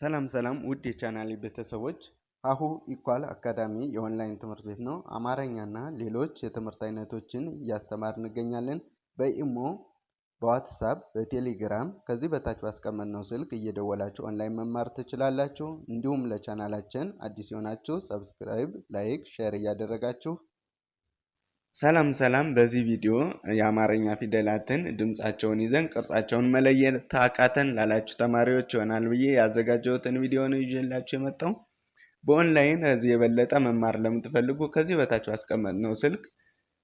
ሰላም ሰላም ውድ የቻናሌ ቤተሰቦች ሀሁ ኢኳል አካዳሚ የኦንላይን ትምህርት ቤት ነው። አማረኛና ሌሎች የትምህርት አይነቶችን እያስተማር እንገኛለን። በኢሞ፣ በዋትሳፕ፣ በቴሌግራም ከዚህ በታች ባስቀመጥነው ስልክ እየደወላችሁ ኦንላይን መማር ትችላላችሁ። እንዲሁም ለቻናላችን አዲስ የሆናችሁ ሰብስክራይብ፣ ላይክ፣ ሼር እያደረጋችሁ ሰላም ሰላም በዚህ ቪዲዮ የአማርኛ ፊደላትን ድምፃቸውን ይዘን ቅርጻቸውን መለየት አቃተን ላላችሁ ተማሪዎች ይሆናል ብዬ ያዘጋጀሁትን ቪዲዮ ነው ይዤላችሁ የመጣው። በኦንላይን ከዚህ የበለጠ መማር ለምትፈልጉ ከዚህ በታች አስቀመጥነው ስልክ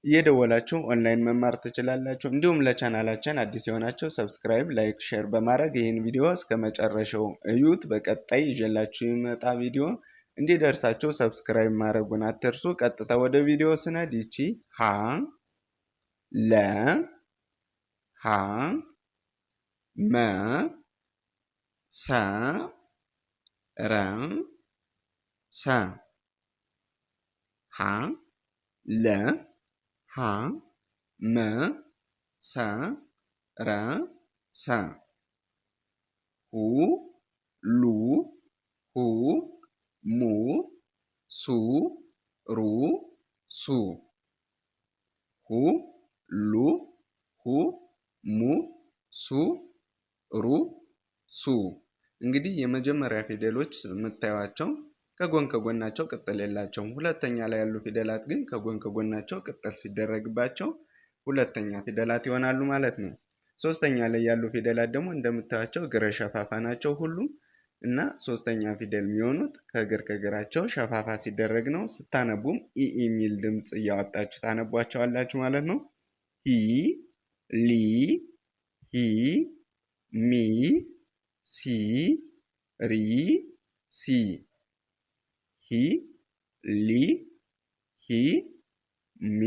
እየደወላችሁ ኦንላይን መማር ትችላላችሁ። እንዲሁም ለቻናላችን አዲስ የሆናችሁ ሰብስክራይብ፣ ላይክ፣ ሼር በማድረግ ይህን ቪዲዮ እስከ መጨረሻው እዩት። በቀጣይ ይዤላችሁ የመጣ ቪዲዮ እንዲደርሳችሁ ሰብስክራይብ ማድረጉን አትርሱ። ቀጥታ ወደ ቪዲዮ ስነድ ይቺ ሀ ለ ሀ መ ሰ ረ ሰ ሀ ለ ሀ መ ሰ ረ ሰ ሁ ሉ ሁ ሙ ሱ ሩ ሱ ሁ ሉ ሁ ሙ ሱ ሩ ሱ እንግዲህ የመጀመሪያ ፊደሎች የምታዩቸው ከጎን ከጎናቸው ቅጥል የላቸውም። ሁለተኛ ላይ ያሉ ፊደላት ግን ከጎን ከጎናቸው ቅጥል ሲደረግባቸው ሁለተኛ ፊደላት ይሆናሉ ማለት ነው። ሶስተኛ ላይ ያሉ ፊደላት ደግሞ እንደምታዩቸው እግረ ሸፋፋ ናቸው ሁሉም። እና ሶስተኛ ፊደል የሚሆኑት ከእግር ከእግራቸው ሸፋፋ ሲደረግ ነው። ስታነቡም ኢ የሚል ድምፅ እያወጣችሁ ታነቧቸዋላችሁ ማለት ነው። ሂ ሊ ሂ ሚ ሲ ሪ ሲ ሂ ሊ ሂ ሚ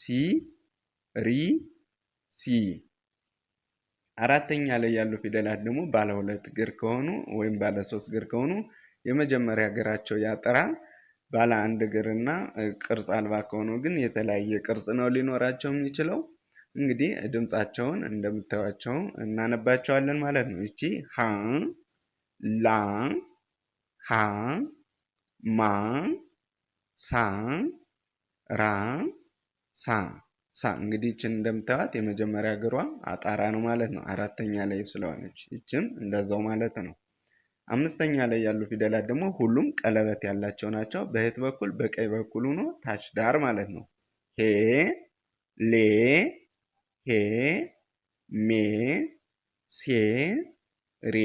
ሲ ሪ ሲ አራተኛ ላይ ያሉ ፊደላት ደግሞ ባለ ሁለት እግር ከሆኑ ወይም ባለ ሶስት እግር ከሆኑ የመጀመሪያ እግራቸው ያጠራ፣ ባለ አንድ እግር እና ቅርጽ አልባ ከሆኑ ግን የተለያየ ቅርጽ ነው ሊኖራቸው የሚችለው። እንግዲህ ድምፃቸውን እንደምታዩቸው እናነባቸዋለን ማለት ነው። ይቺ ሀ ላ ሀ ማ ሳ ራ ሳ ሳ እንግዲህ ይችን እንደምታዩት የመጀመሪያ እግሯ አጣራ ነው ማለት ነው። አራተኛ ላይ ስለሆነች ይችም እንደዛው ማለት ነው። አምስተኛ ላይ ያሉ ፊደላት ደግሞ ሁሉም ቀለበት ያላቸው ናቸው። በህት በኩል በቀኝ በኩል ሆኖ ታች ዳር ማለት ነው። ሄ ሌ ሄ ሜ ሴ ሬ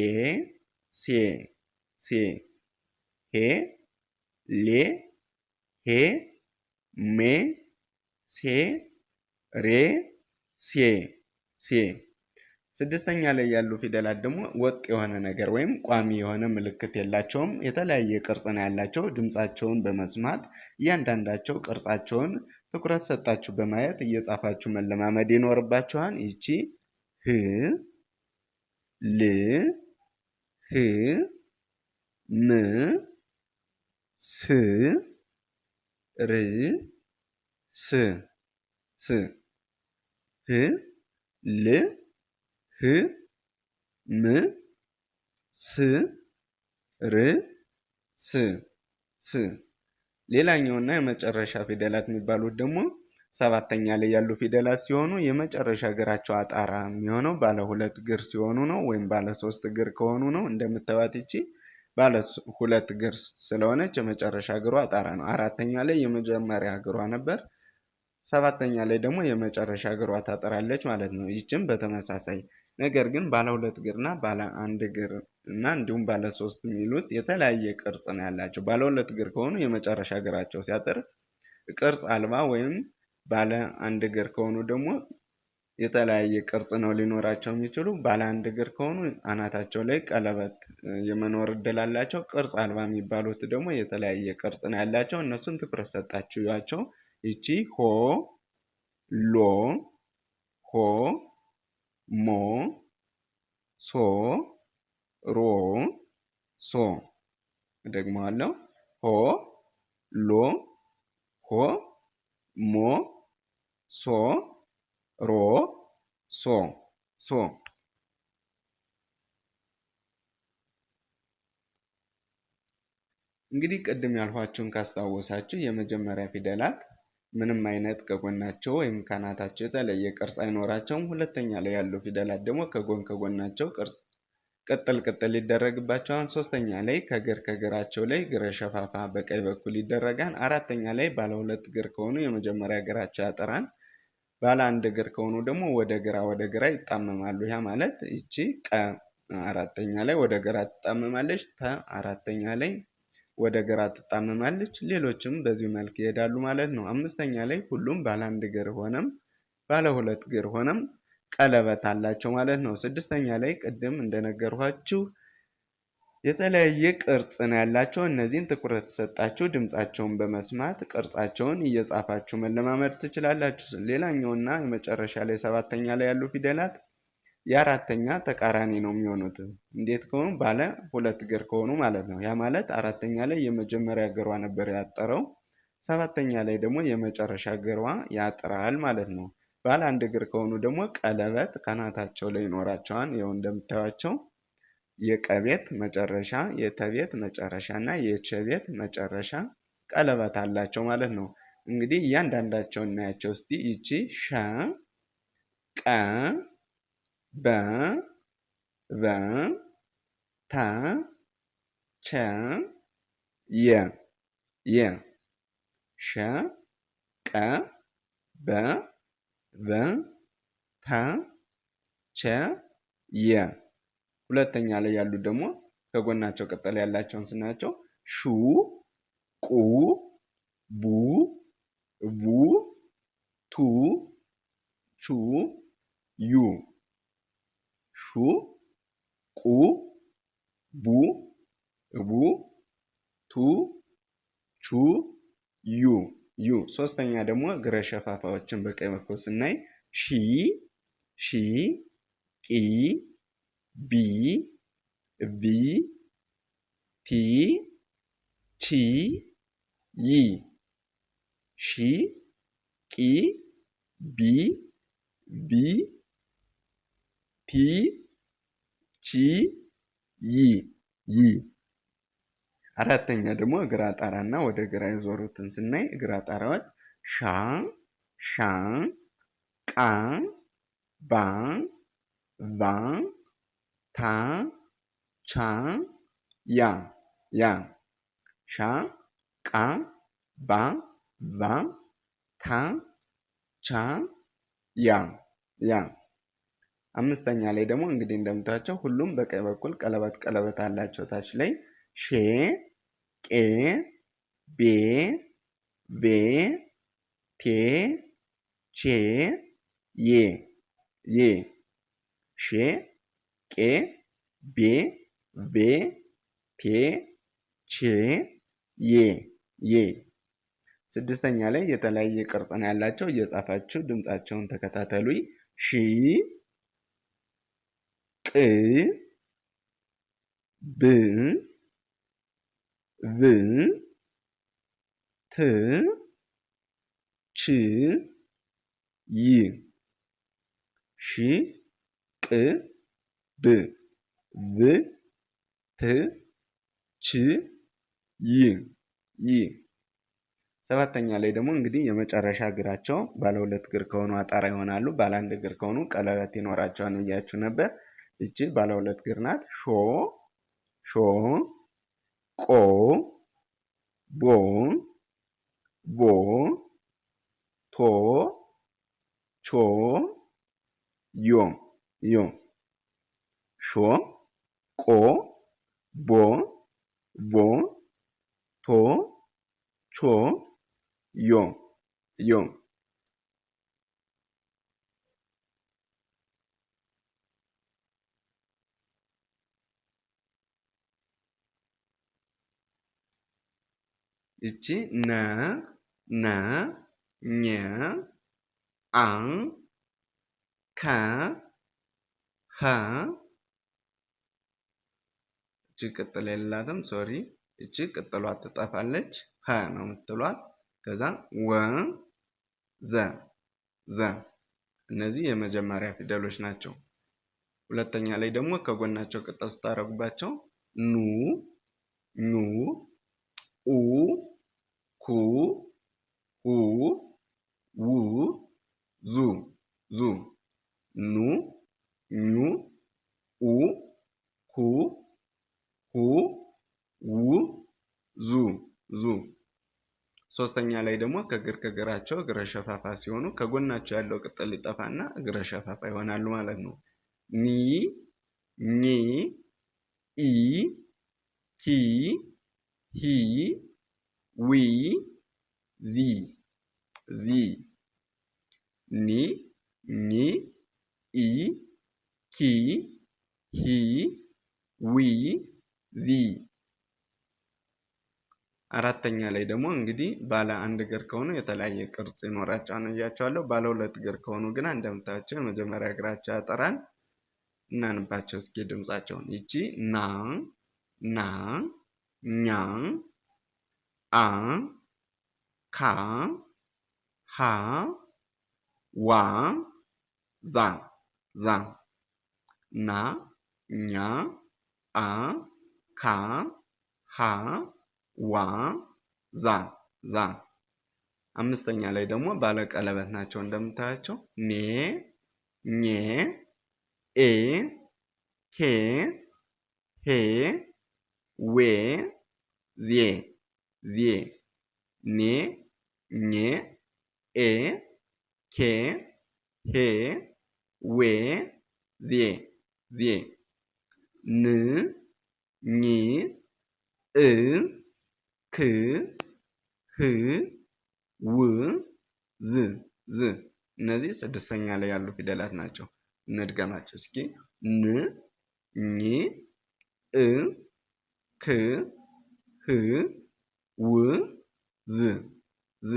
ሴ ሴ ሄ ሌ ሄ ሜ ሴ ሬ ሴ ሴ። ስድስተኛ ላይ ያሉ ፊደላት ደግሞ ወጥ የሆነ ነገር ወይም ቋሚ የሆነ ምልክት የላቸውም። የተለያየ ቅርጽ ነው ያላቸው። ድምፃቸውን በመስማት እያንዳንዳቸው ቅርጻቸውን ትኩረት ሰጣችሁ በማየት እየጻፋችሁ መለማመድ ይኖርባችኋል። ይቺ ህ ል ህ ም ስ ር ስ ስ ህ ል ህ ም ስ ር ስ ስ ሌላኛውና የመጨረሻ ፊደላት የሚባሉት ደግሞ ሰባተኛ ላይ ያሉ ፊደላት ሲሆኑ የመጨረሻ እግራቸው አጣራ የሚሆነው ባለ ሁለት እግር ሲሆኑ ነው፣ ወይም ባለ ሶስት እግር ከሆኑ ነው። እንደምታዩት ይቺ ባለ ሁለት እግር ስለሆነች የመጨረሻ እግሯ አጣራ ነው። አራተኛ ላይ የመጀመሪያ እግሯ ነበር። ሰባተኛ ላይ ደግሞ የመጨረሻ እግሯ ታጠራለች ማለት ነው። ይችም በተመሳሳይ ነገር ግን ባለ ሁለት እግርና ባለ አንድ እግር እና እንዲሁም ባለ ሶስት የሚሉት የተለያየ ቅርጽ ነው ያላቸው። ባለ ሁለት እግር ከሆኑ የመጨረሻ እግራቸው ሲያጠር ቅርጽ አልባ ወይም ባለ አንድ እግር ከሆኑ ደግሞ የተለያየ ቅርጽ ነው ሊኖራቸው የሚችሉ። ባለ አንድ እግር ከሆኑ አናታቸው ላይ ቀለበት የመኖር እድል አላቸው። ቅርጽ አልባ የሚባሉት ደግሞ የተለያየ ቅርጽ ነው ያላቸው። እነሱን ትኩረት ሰጣችሁ ያቸው። ይቺ ሆ ሎ ሆ ሞ ሶ ሮ ሶ ደግመዋለሁ። ሆ ሎ ሆ ሞ ሶ ሮ ሶ ሶ እንግዲህ ቅድም ያልኋችሁን ካስታወሳችሁ የመጀመሪያ ፊደላት ምንም አይነት ከጎናቸው ወይም ካናታቸው የተለየ ቅርጽ አይኖራቸውም። ሁለተኛ ላይ ያሉ ፊደላት ደግሞ ከጎን ከጎናቸው ቅርጽ ቅጥል ቅጥል ይደረግባቸዋል። ሶስተኛ ላይ ከግር ከግራቸው ላይ ግረ ሸፋፋ በቀኝ በኩል ይደረጋል። አራተኛ ላይ ባለ ሁለት እግር ከሆኑ የመጀመሪያ እግራቸው ያጠራል። ባለ አንድ እግር ከሆኑ ደግሞ ወደ ግራ ወደ ግራ ይጣመማሉ። ያ ማለት ይቺ ቀ አራተኛ ላይ ወደ ግራ ትጣመማለች። ተ አራተኛ ላይ ወደ ግራ ትጣመማለች፣ ሌሎችም በዚህ መልክ ይሄዳሉ ማለት ነው። አምስተኛ ላይ ሁሉም ባለ አንድ እግር ሆነም ባለ ሁለት እግር ሆነም ቀለበት አላቸው ማለት ነው። ስድስተኛ ላይ ቅድም እንደነገርኋችሁ የተለያየ ቅርጽ ነው ያላቸው። እነዚህን ትኩረት ሰጣችሁ ድምፃቸውን በመስማት ቅርጻቸውን እየጻፋችሁ መለማመድ ትችላላችሁ። ሌላኛውና የመጨረሻ ላይ ሰባተኛ ላይ ያሉ ፊደላት የአራተኛ ተቃራኒ ነው የሚሆኑት። እንዴት ከሆኑ ባለ ሁለት እግር ከሆኑ ማለት ነው። ያ ማለት አራተኛ ላይ የመጀመሪያ እግሯ ነበር ያጠረው፣ ሰባተኛ ላይ ደግሞ የመጨረሻ እግሯ ያጥራል ማለት ነው። ባለ አንድ እግር ከሆኑ ደግሞ ቀለበት ከናታቸው ላይ ይኖራቸዋል። ይኸው እንደምታያቸው የቀቤት መጨረሻ፣ የተቤት መጨረሻ እና የቸቤት መጨረሻ ቀለበት አላቸው ማለት ነው። እንግዲህ እያንዳንዳቸው እናያቸው እስቲ ይቺ ሸ ቀ በ በ ተ ቸ የ የ ሸ ቀ በ በ ተ ቸ የ ሁለተኛ ላይ ያሉት ደግሞ ከጎናቸው ቅጠል ያላቸውን ስናያቸው ሹ ቁ ቡ ቡ ቱ ቹ ዩ ሹ ቁ ቡ ቡ ቱ ቹ ዩ ዩ። ሶስተኛ ደግሞ እግረ ሸፋፋዎችን በቀኝ በኩል ስናይ ሺ ሺ ቂ ቢ ቢ ቲ ቺ ይ ሺ ቂ ቢ ቢ ቲ ቺ ይ ይ አራተኛ ደግሞ እግራ ጣራና ወደ ግራ የዞሩትን ስናይ እግራ ጣራዎች ሻ ሻ ቃ ባ ቫ ታ ቻ ያ ያ ሻ ቃ ባ ቫ ታ ቻ ያ ያ አምስተኛ ላይ ደግሞ እንግዲህ እንደምታቸው ሁሉም በቀኝ በኩል ቀለበት ቀለበት አላቸው። ታች ላይ ሼ ቄ ቤ ቤ ቴ ቼ ዬ ዬ ሼ ቄ ቤ ቤ ቴ ቼ ዬ ዬ ስድስተኛ ላይ የተለያየ ቅርጽ ነው ያላቸው። እየጻፋችሁ ድምጻቸውን ተከታተሉኝ ሺ ቅ ብ ብ ት ች ይ ሺ ቅ ብ ብ ት ች ይ ይ ሰባተኛ ላይ ደግሞ እንግዲህ የመጨረሻ እግራቸው ባለ ሁለት እግር ከሆኑ አጣራ ይሆናሉ። ባለ አንድ እግር ከሆኑ ቀለበት ይኖራቸዋል ብያችሁ ነበር። እቺ ባለ ሁለት እግር ናት። ሾ ሾ ቆ ቦ ቦ ቶ ቾ ዮ ዮ ሾ ቆ ቦ ቦ ቶ ቾ ዮ ዮ ይቺ ነ ነ ኘ አን ከ ኸ እቺ ቅጥል የሌላትም ሶሪ እቺ ቅጥሏ ትጠፋለች። ኸ ነው የምትሏት። ከዛ ወ ዘ ዘ እነዚህ የመጀመሪያ ፊደሎች ናቸው። ሁለተኛ ላይ ደግሞ ከጎናቸው ቅጥል ስታደርጉባቸው ኑ ኙ ሶስተኛ ላይ ደግሞ ከግር ከግራቸው እግረ ሸፋፋ ሲሆኑ ከጎናቸው ያለው ቅጥል ይጠፋና እግረ ሸፋፋ ይሆናሉ ማለት ነው። ኒ ኒ ኢ ኪ ሂ ዊ ዚ ዚ ኒ ኒ ኢ ኪ ሂ ዊ ዚ አራተኛ ላይ ደግሞ እንግዲህ ባለ አንድ እግር ከሆኑ የተለያየ ቅርጽ ይኖራቸዋል እያቸዋለሁ። ባለ ሁለት እግር ከሆኑ ግን እንደምታቸው የመጀመሪያ እግራቸው ያጠራል። እናንባቸው እስኪ ድምጻቸውን። ይቺ ና ና ኛ አ ካ ሀ ዋ ዛ ዛ ና ኛ አ ካ ሃ ዋ ዛ ዛ። አምስተኛ ላይ ደግሞ ባለቀለበት ናቸው እንደምታያቸው ኔ ኜ ኤ ሄ ሄ ዌ ዜ ዜ ኔ ኜ ኤ ኬ ሄ ዌ ዜ ዜ ን ኝ እ ክ ህ ው ዝ ዝ እነዚህ ስድስተኛ ላይ ያሉ ፊደላት ናቸው። እንድገማቸው እስኪ ን ኝ እ ክ ህ ው ዝ ዝ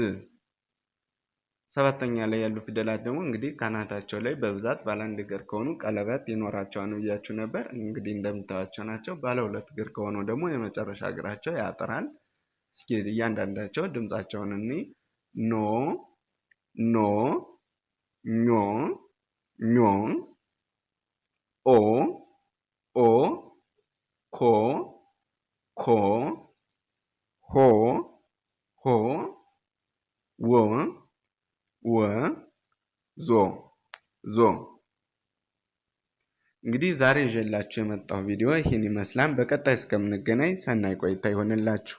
ሰባተኛ ላይ ያሉ ፊደላት ደግሞ እንግዲህ ካናታቸው ላይ በብዛት ባለ አንድ እግር ከሆኑ ቀለበት ይኖራቸዋል ብያችሁ ነበር። እንግዲህ እንደምታዩቸው ናቸው። ባለ ሁለት እግር ከሆኑ ደግሞ የመጨረሻ እግራቸው ያጥራል። እስኪ እያንዳንዳቸው ድምፃቸውን እኒ ኖ ኖ ኞ ኞ ኦ ኦ ኮ ኮ ሆ ሆ ወ ወ ዞ ዞ እንግዲህ ዛሬ ይዤላችሁ የመጣው ቪዲዮ ይህን ይመስላል። በቀጣይ እስከምንገናኝ ሰናይ ቆይታ ይሆንላችሁ።